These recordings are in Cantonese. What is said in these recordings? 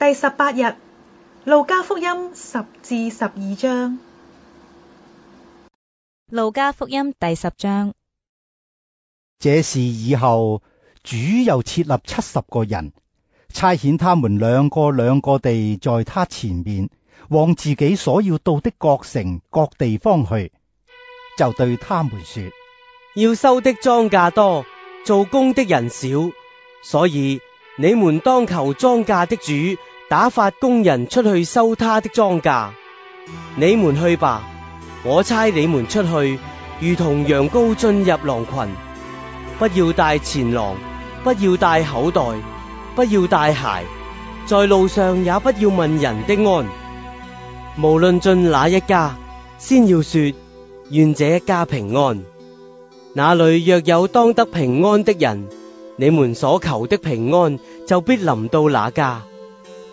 第十八日，路加福音十至十二章。路加福音第十章，這事以後主又設立七十個人，差遣他們兩個兩個地在他前面，往自己所要到的各城各地方去，就對他們說：要收的莊稼多，做工的人少，所以你們當求莊稼的主。打發工人出去收他的莊稼，你們去吧。我差你們出去如同羊羔進入狼群，不要帶錢囊，不要帶口袋，不要帶鞋，在路上也不要問人的安。無論進哪一家，先要說願這一家平安。那裡若有當得平安的人，你們所求的平安就必臨到那家。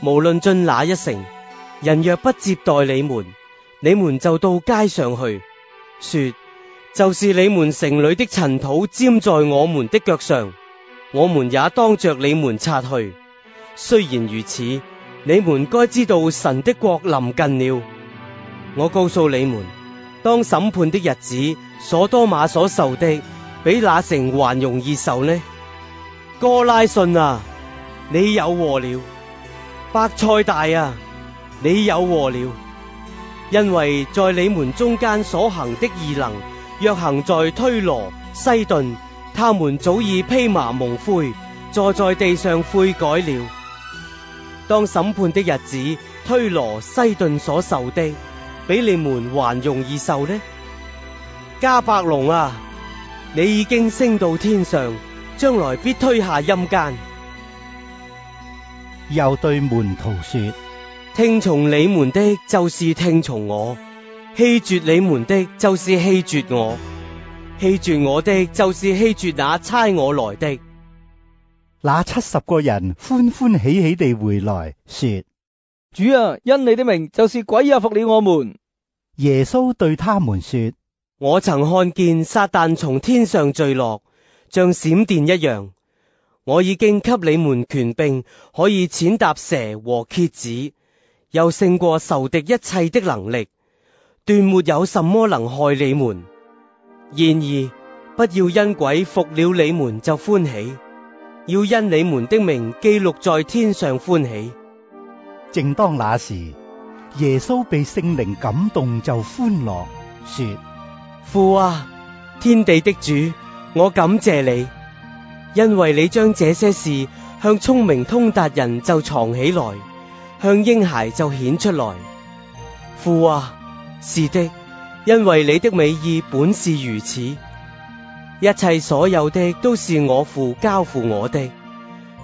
無論進哪一城，人若不接待你們，你們就到街上去說：就是你們城裏的塵土沾在我們的腳上，我們也當着你們擦去。雖然如此，你們該知道神的國臨近了。我告訴你們，當審判的日子，所多瑪所受的比那城還容易受呢。哥拉信啊，你有禍了！伯賽大啊！你有禍了，因為在你們中間所行的異能，若行在推羅、西頓，他們早已披麻蒙灰，坐在地上悔改了。當審判的日子，推羅、西頓所受的，比你們還容易受呢。迦百農啊，你已經升到天上，將來必推下陰間。又對門徒說：聽從你們的，就是聽從我；棄絕你們的，就是棄絕我；棄絕我的，就是棄絕那差我來的。那七十個人歡歡喜喜地回來，說：主啊，因你的名，就是鬼也、啊、服了我們。耶穌對他們說：我曾看見撒旦從天上墜落，像閃電一樣。我已經給你們權柄，可以踐踏蛇和蠍子，又勝過仇敵一切的能力。斷沒有什麼能害你們。然而，不要因鬼服了你們就歡喜，要因你們的名記錄在天上歡喜。正當那時，耶穌被聖靈感動就歡樂，說：父啊，天地的主，我感謝你。因為你將這些事向聰明通達人就藏起來，向嬰孩就顯出來。父啊，是的，因為你的美意本是如此。一切所有的都是我父交付我的，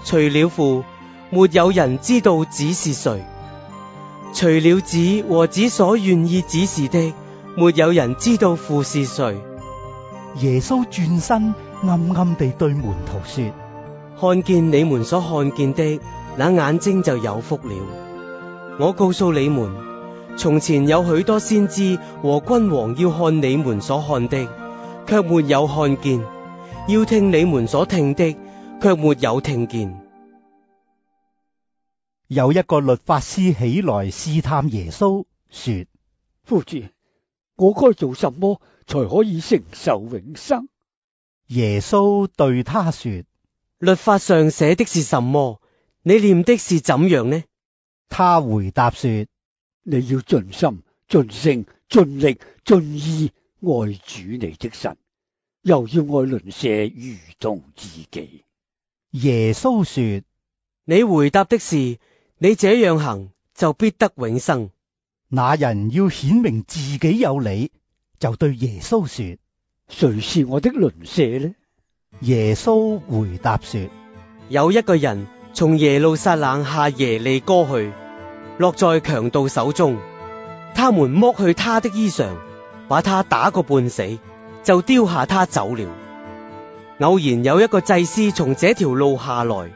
除了父，沒有人知道子是誰；除了子和子所願意指示的，沒有人知道父是誰。耶穌轉身。暗暗地對門徒說：看見你們所看見的，那眼睛就有福了。我告訴你們，從前有許多先知和君王要看你們所看的，卻沒有看見；要聽你們所聽的，卻沒有聽見。有一個律法師起來試探耶穌，說：夫子，我該做什麼才可以承受永生？耶穌對他說：律法上寫的是什麼？你念的是怎樣呢？他回答說：你要盡心、盡性、盡力、盡意愛主你的神，又要愛鄰舍如同自己。耶穌說：你回答的是，你這樣行就必得永生。那人要顯明自己有理，就對耶穌說。誰是我的鄰舍呢？耶穌回答說：有一個人從耶路撒冷下耶利哥去，落在強盜手中，他們剝去他的衣裳，把他打個半死，就丟下他走了。偶然有一個祭司從這條路下來，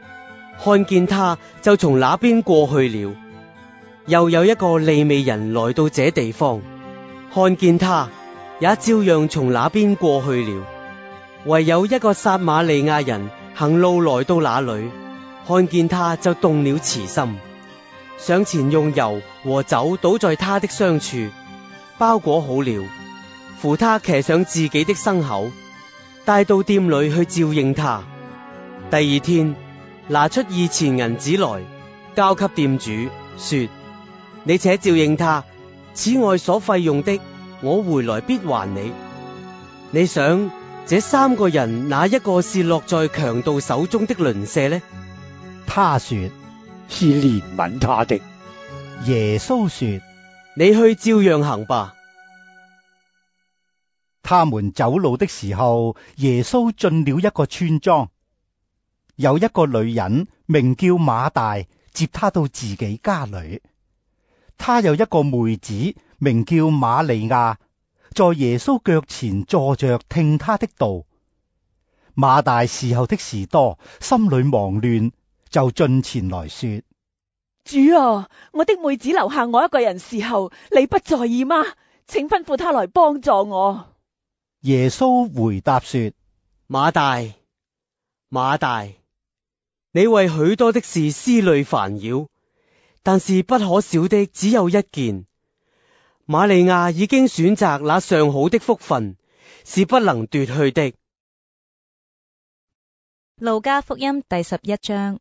看見他，就從那邊過去了。又有一個利未人來到這地方，看見他。也照樣從那邊過去了。唯有一個撒瑪利亞人行路來到那裏，看見他就動了慈心，上前用油和酒倒在他的傷處，包裹好了，扶他騎上自己的牲口，帶到店裏去照應他。第二天，拿出二錢銀紙來交給店主，說：你且照應他，此外所費用的。我回來必還你。你想，這三個人哪一個是落在強盜手中的鄰舍呢？他說是憐憫他的。耶穌說：你去照樣行吧。他們走路的時候，耶穌進了一個村莊，有一個女人名叫馬大，接他到自己家裏。他有一個妹子。名叫瑪利亞，在耶穌腳前坐着聽他的道。馬大侍候後的事多，心裏忙亂，就進前來說：主啊，我的妹子留下我一個人侍候，你不在意嗎？請吩咐她來幫助我。耶穌回答說：馬大，馬大，你為許多的事思慮煩擾，但是不可少的只有一件。馬利亞已經選擇那上好的福分，是不能奪去的。路加福音第十一章，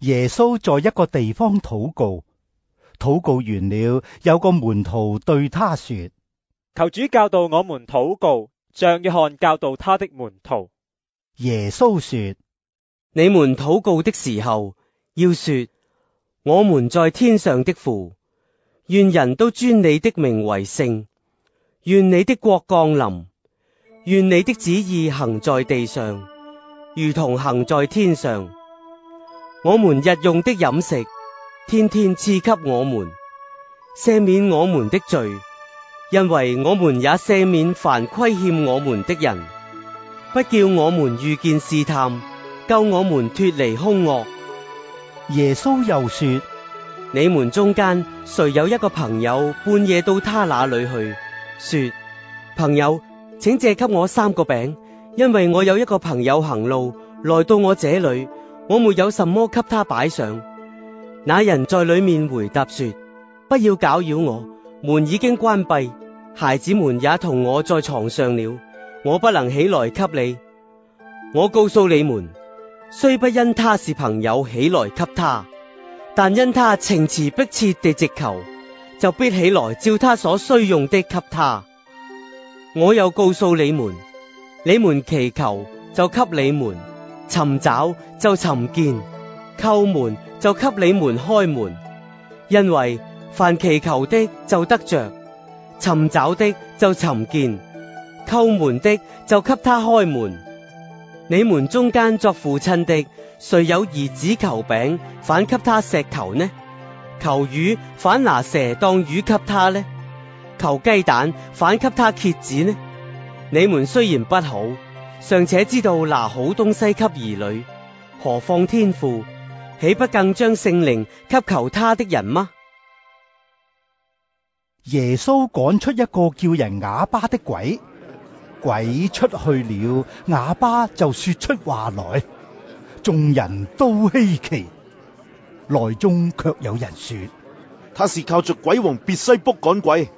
耶穌在一個地方禱告，禱告完了，有個門徒對他說：求主教導我們禱告。像約翰教導他的門徒，耶穌說：你們禱告的時候，要說：我們在天上的父。願人都尊你的名為聖，願你的國降臨，願你的旨意行在地上，如同行在天上。我們日用的飲食，天天賜給我們，赦免我們的罪，因為我們也赦免凡虧欠我們的人，不叫我們遇見試探，救我們脫離凶惡。耶穌又說。你們中間誰有一個朋友半夜到他那裏去，說朋友，請借給我三個餅，因為我有一個朋友行路來到我這裏，我沒有什麼給他擺上。那人在裏面回答說：不要攪擾我，門已經關閉，孩子們也同我在床上了，我不能起來給你。我告訴你們，雖不因他是朋友起來給他。但因他情辭迫切地直求，就必起來照他所需用的給他。我又告訴你們：你們祈求，就給你們；尋找，就尋見；叩門，就給你們開門。因為凡祈求的就得着，尋找的就尋見，叩門的就給他開門。你們中間作父親的。誰有兒子求餅，反給他石頭呢？求魚，反拿蛇當魚給他呢？求雞蛋，反給他蠍子呢？你們雖然不好，尚且知道拿好東西給兒女，何況天父，豈不更將聖靈給求他的人嗎？耶穌趕出一個叫人啞巴的鬼，鬼出去了，啞巴就說出話來。眾人都稀奇，內中却有人說他是靠着鬼王別西卜趕鬼，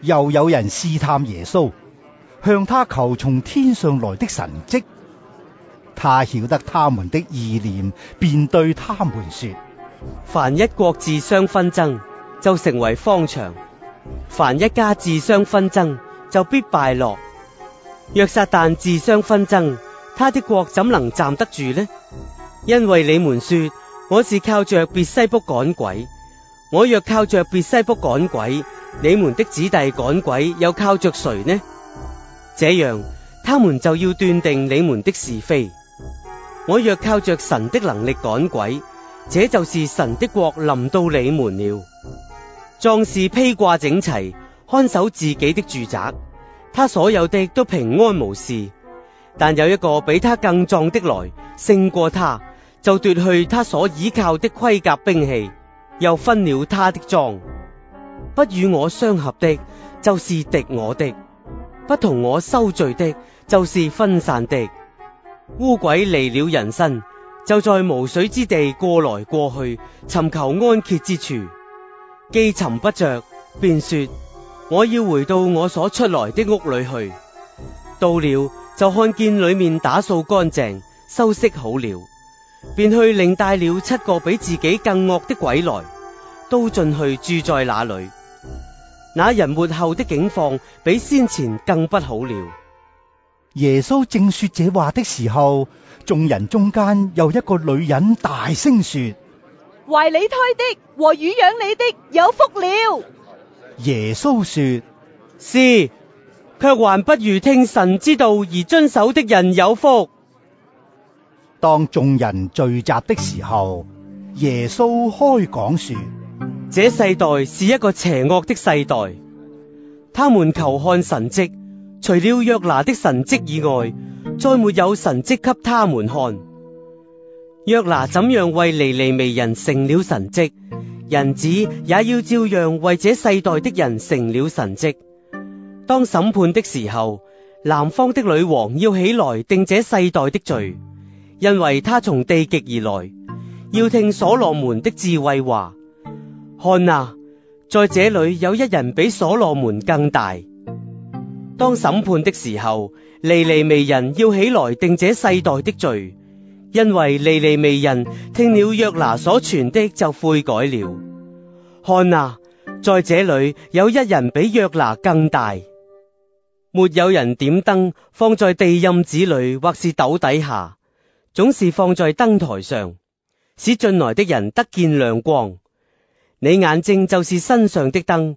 又有人試探耶穌，向他求從天上來的神蹟。他曉得他們的意念，便對他們說：凡一國自相紛爭，就成為荒場；凡一家自相紛爭，就必敗落。若撒旦自相紛爭，他的國怎能站得住呢？因為你們說我是靠着別西卜趕鬼，我若靠着別西卜趕鬼，你們的子弟趕鬼又靠着誰呢？這樣，他們就要斷定你們的是非。我若靠着神的能力趕鬼，這就是神的國臨到你們了。壯士披掛整齊，看守自己的住宅，他所有的都平安無事。但有一個比他更壯的來勝過他，就奪去他所倚靠的盔甲兵器，又分了他的裝。不與我相合的，就是敵我的；不同我收聚的，就是分散的。污鬼離了人身，就在無水之地過來過去，尋求安歇之處。既尋不着，便說：我要回到我所出來的屋裏去。到了。就看見裏面打掃乾淨、修飾好了，便去另帶了七個比自己更惡的鬼來，都進去住在那裏。那人末後的境況比先前更不好了。耶穌正說這話的時候，眾人中間有一個女人大聲說：懷你胎的和乳養你的有福了。耶穌說：是。卻還不如聽神之道而遵守的人有福。當眾人聚集的時候，耶穌開講說：這世代是一個邪惡的世代，他們求看神蹟，除了約拿的神蹟以外，再沒有神蹟給他們看。約拿怎樣為尼尼微人成了神蹟，人子也要照樣為這世代的人成了神蹟。當審判的時候，南方的女王要起來定這世代的罪，因為她從地極而來，要聽所羅門的智慧話。看啊，在這裏有一人比所羅門更大。當審判的時候，尼尼微人要起來定這世代的罪，因為尼尼微人聽了約拿所傳的就悔改了。看啊，在這裏有一人比約拿更大。沒有人點燈，放在地窨子裏或是斗底下，總是放在燈臺上，使進來的人得見亮光。你眼睛就是身上的燈，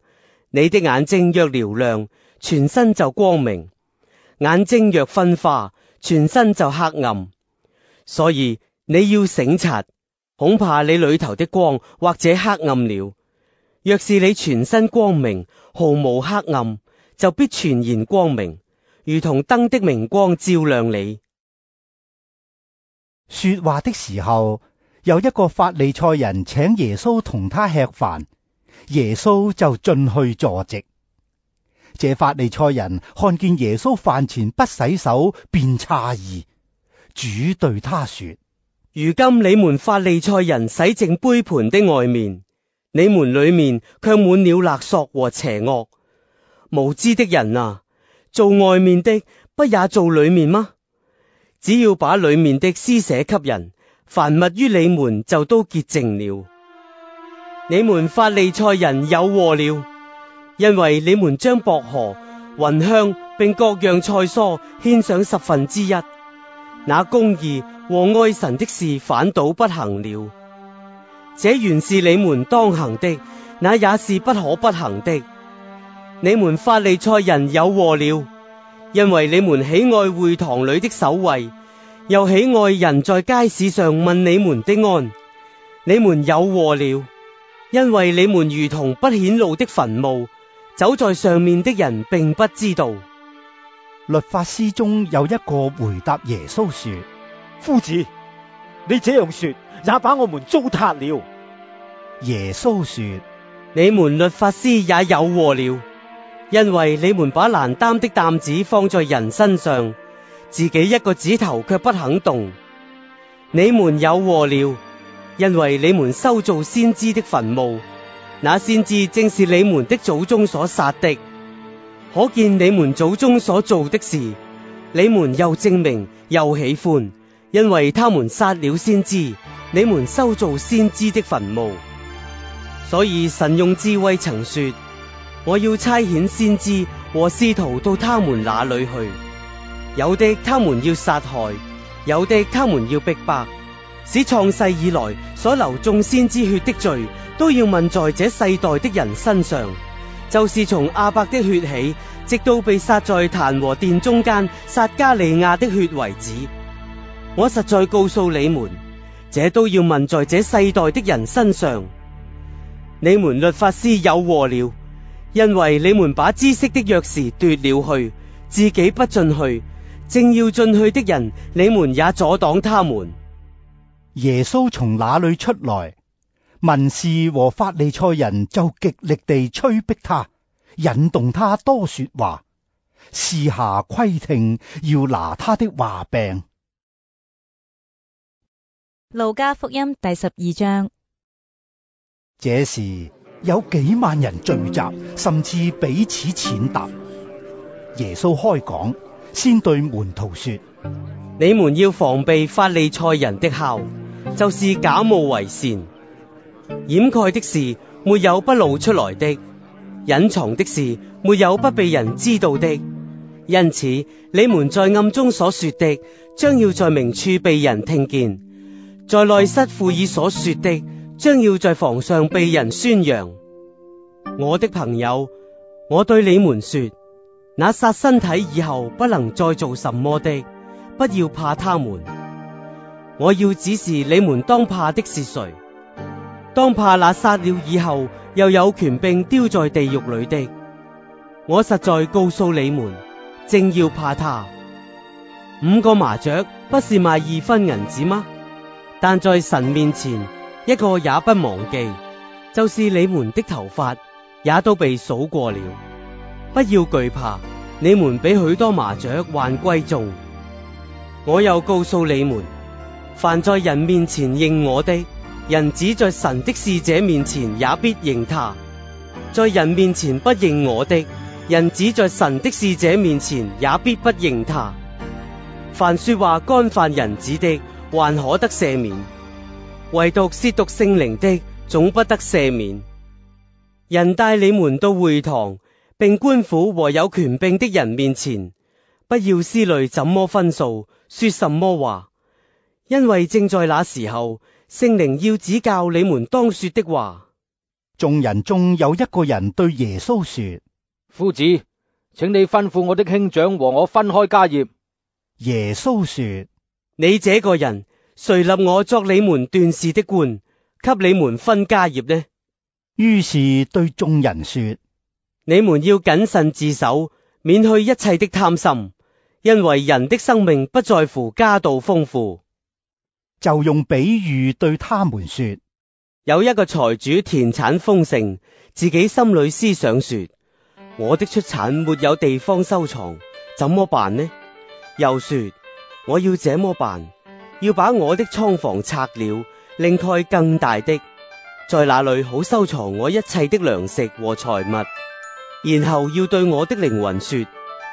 你的眼睛若瞭亮，全身就光明；眼睛若昏花，全身就黑暗。所以你要省察，恐怕你裏頭的光或者黑暗了。若是你全身光明，毫無黑暗。就必全然光明，如同燈的明光照亮你。說話的時候，有一個法利賽人請耶穌同他吃飯，耶穌就進去坐席。這法利賽人看見耶穌飯前不洗手，便詫異。主對他說：如今你們法利賽人洗淨杯盤的外面，你們裏面卻滿了勒索和邪惡。無知的人啊，做外面的不也做裏面嗎？只要把裏面的施捨給人，凡物於你們就都潔淨了。你們法利賽人有禍了，因為你們將薄荷、芸香並各樣菜蔬獻上十分之一，那公義和愛神的事反倒不行了。這原是你們當行的，那也是不可不行的。你們法利賽人有禍了，因為你們喜愛會堂裏的首位，又喜愛人在街市上問你們的安。你們有禍了，因為你們如同不顯露的墳墓，走在上面的人並不知道。律法師中有一個回答耶穌說：夫子，你這樣說也把我們糟蹋了。耶穌說：你們律法師也有禍了。因為你們把難擔的擔子放在人身上，自己一個指頭却不肯動。你們有禍了，因為你們修造先知的墳墓，那先知正是你們的祖宗所殺的。可見你們祖宗所做的事，你們又證明又喜歡，因為他們殺了先知，你們修造先知的墳墓。所以神用智慧曾說。我要差遣先知和使徒到他們那裏去，有的他們要殺害，有的他們要逼迫，使創世以來所流眾先知血的罪都要問在這世代的人身上，就是從亞伯的血起，直到被殺在壇和殿中間撒加利亞的血為止。我實在告訴你們，這都要問在這世代的人身上。你們律法師有禍了。因為你們把知識的鑰匙奪了去，自己不進去，正要進去的人，你們也阻擋他們。耶穌從哪裡出來，文士和法利賽人就極力地催逼他，引動他多說話，私下窺聽要拿他的話柄。路加福音第十二章。這時。有幾萬人聚集，甚至彼此踐踏。耶穌開講，先對門徒說：你們要防備法利賽人的酵，就是假冒為善。掩蓋的事沒有不露出來的，隱藏的事沒有不被人知道的。因此，你們在暗中所說的，將要在明處被人聽見；在內室附耳所說的，將要在房上被人宣揚，我的朋友，我對你們說，那殺身體以後不能再做什麼的，不要怕他們。我要指示你們當怕的是誰？當怕那殺了以後又有權柄丟在地獄裏的。我實在告訴你們，正要怕他。五個麻雀不是賣二分銀子嗎？但在神面前。一個也不忘記，就是你們的頭髮也都被數過了。不要懼怕，你們比許多麻雀還貴重。我又告訴你們：凡在人面前認我的，人子在神的使者面前也必認他；在人面前不認我的，人子在神的使者面前也必不認他。凡說話干犯人子的，還可得赦免。唯獨褻瀆聖靈的，總不得赦免。人帶你們到會堂，並官府和有權柄的人面前，不要思慮怎麼分數，說什麼話，因為正在那時候，聖靈要指教你們當說的話。眾人中有一個人對耶穌說：夫子，請你吩咐我的兄長和我分開家業。耶穌說：你這個人。誰立我作你們斷事的官，給你們分家業呢？於是對眾人說：你們要謹慎自守，免去一切的貪心，因為人的生命不在乎家道豐富。就用比喻對他們說：有一個財主田產豐盛，自己心裏思想說：我的出產沒有地方收藏，怎麼辦呢？又說：我要這麼辦。要把我的倉房拆了，另蓋更大的，在那裏好收藏我一切的糧食和財物。然後要對我的靈魂說：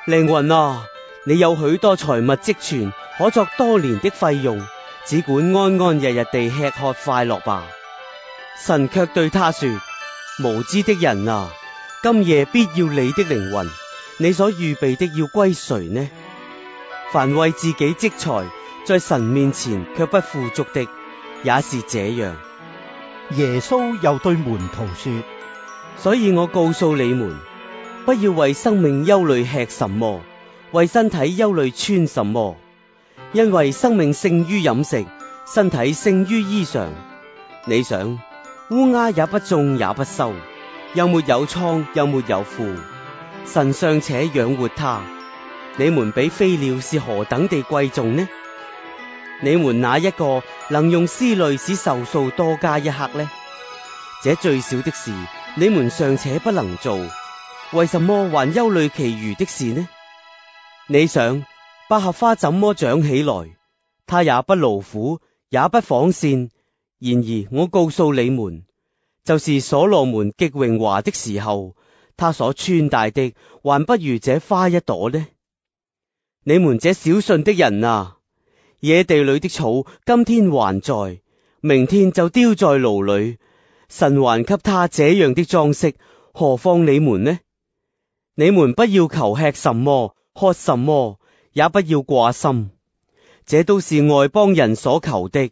靈魂啊，你有許多財物積存，可作多年的費用，只管安安日日安安逸逸地吃喝快樂吧。神卻對他說：無知的人啊，今夜必要你的靈魂，你所預備的要歸誰呢？凡為自己積財。在神面前卻不富足的，也是這樣。耶穌又對門徒說：所以我告訴你們，不要為生命憂慮吃什麼，為身體憂慮穿什麼，因為生命勝於飲食，身體勝於衣裳。你想烏鴉也不種也不收，又沒有倉又沒有庫，神尚且養活它，你們比飛鳥是何等地貴重呢？你們哪一個能用思慮使壽數多加一刻呢？這最小的事你們尚且不能做，為什麼還憂慮其餘的事呢？你想百合花怎麼長起來？它也不勞苦，也不紡線。然而我告訴你們，就是所羅門極榮華的時候，他所穿戴的，還不如這花一朵呢。你們這小信的人啊！野地裏的草，今天還在，明天就丟在爐裏。神還給他這樣的裝飾，何況你們呢？你們不要求吃什麼、喝什麼，也不要掛心，這都是外邦人所求的。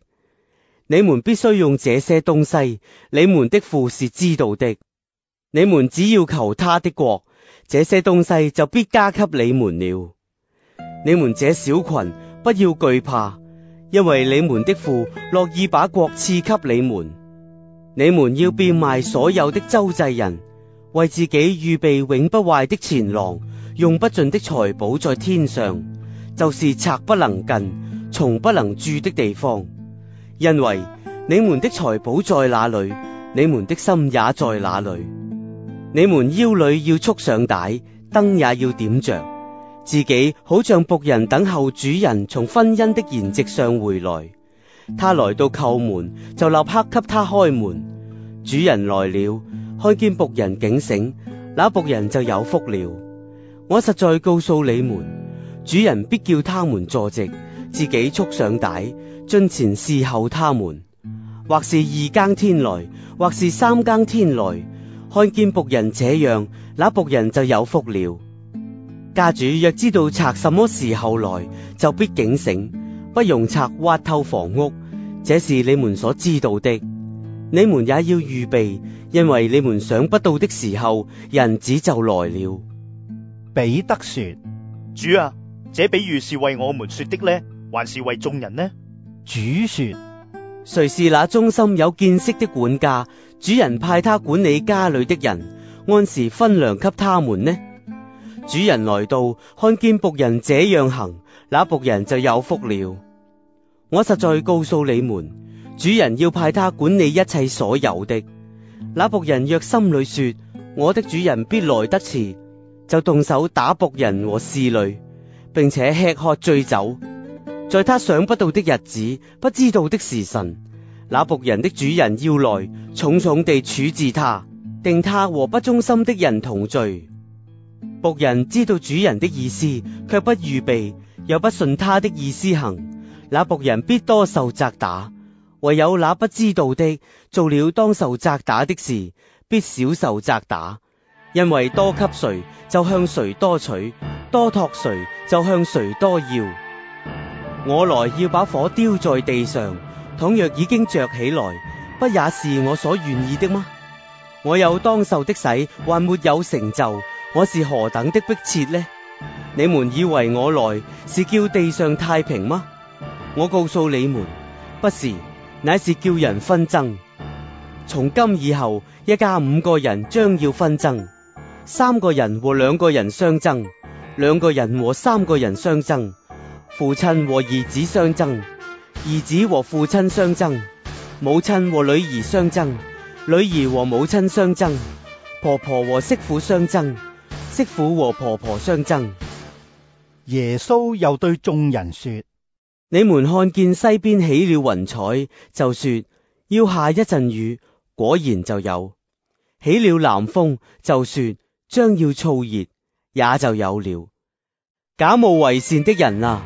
你們必須用這些東西，你們的父是知道的。你們只要求他的國，這些東西就必加給你們了。你們這小群。不要懼怕，因為你們的父樂意把國賜給你們。你們要變賣所有的，賙濟人，為自己預備永不壞的錢囊，用不盡的財寶在天上，就是賊不能近，蟲不能蛀的地方。因為你們的財寶在哪裏，你們的心也在哪裏。你們腰裏要束上帶，燈也要點着。自己好像僕人等候主人從婚姻的筵席上回來，他來到叩門，就立刻給他開門。主人來了，看見僕人警醒，那僕人就有福了。我實在告訴你們，主人必叫他們坐席，自己束上帶，進前侍候他們。或是二更天來，或是三更天來，看見僕人這樣，那僕人就有福了。家主若知道賊什麼時候來，就必警醒，不容賊挖透房屋。這是你們所知道的，你們也要預備，因為你們想不到的時候，人子就來了。彼得說：主啊，這比喻是為我們說的呢，還是為眾人呢？主說：誰是那忠心有見識的管家？主人派他管理家裏的人，按時分糧給他們呢？主人來到，看見僕人這樣行，那僕人就有福了。我實在告訴你們，主人要派他管理一切所有的。那僕人若心裏說，我的主人必來得遲，就動手打僕人和侍女，並且吃喝醉酒。在他想不到的日子，不知道的時辰，那僕人的主人要來，重重地處置他，定他和不忠心的人同罪。僕人知道主人的意思，卻不預備，又不信他的意思行，那僕人必多受責打。唯有那不知道的，做了當受責打的事，必少受責打。因為多給誰，就向誰多取；多託誰，就向誰多要。我來要把火丟在地上，倘若已經着起來，不也是我所願意的嗎？我有當受的洗，還沒有成就，我是何等的迫切呢？你們以為我來是叫地上太平嗎？我告訴你們，不是，乃是叫人紛爭。從今以後，一家五個人將要紛爭，三個人和兩個人相爭，兩個人和三個人相爭，父親和兒子相爭，兒子和父親相爭，母親和女兒相爭。女兒和母親相爭，婆婆和媳婦相爭，媳婦和婆婆相爭。耶穌又對眾人說：你們看見西邊起了雲彩，就說要下一陣雨，果然就有；起了南風，就說將要燥熱，也就有了。假冒為善的人啊，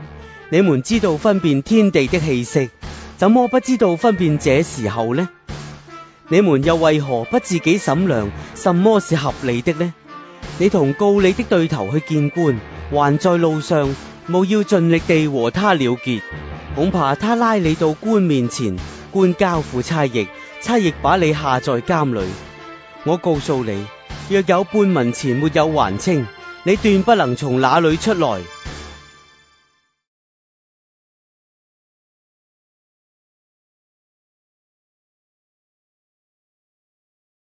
你們知道分辨天地的氣息，怎麼不知道分辨這時候呢？你們又為何不自己審量什麼是合理的呢？你同告你的對頭去見官，還在路上，務要盡力地和他了結。恐怕他拉你到官面前，官交付差役，差役把你下在監裏。我告訴你，若有半文錢沒有還清，你斷不能從那裏出來。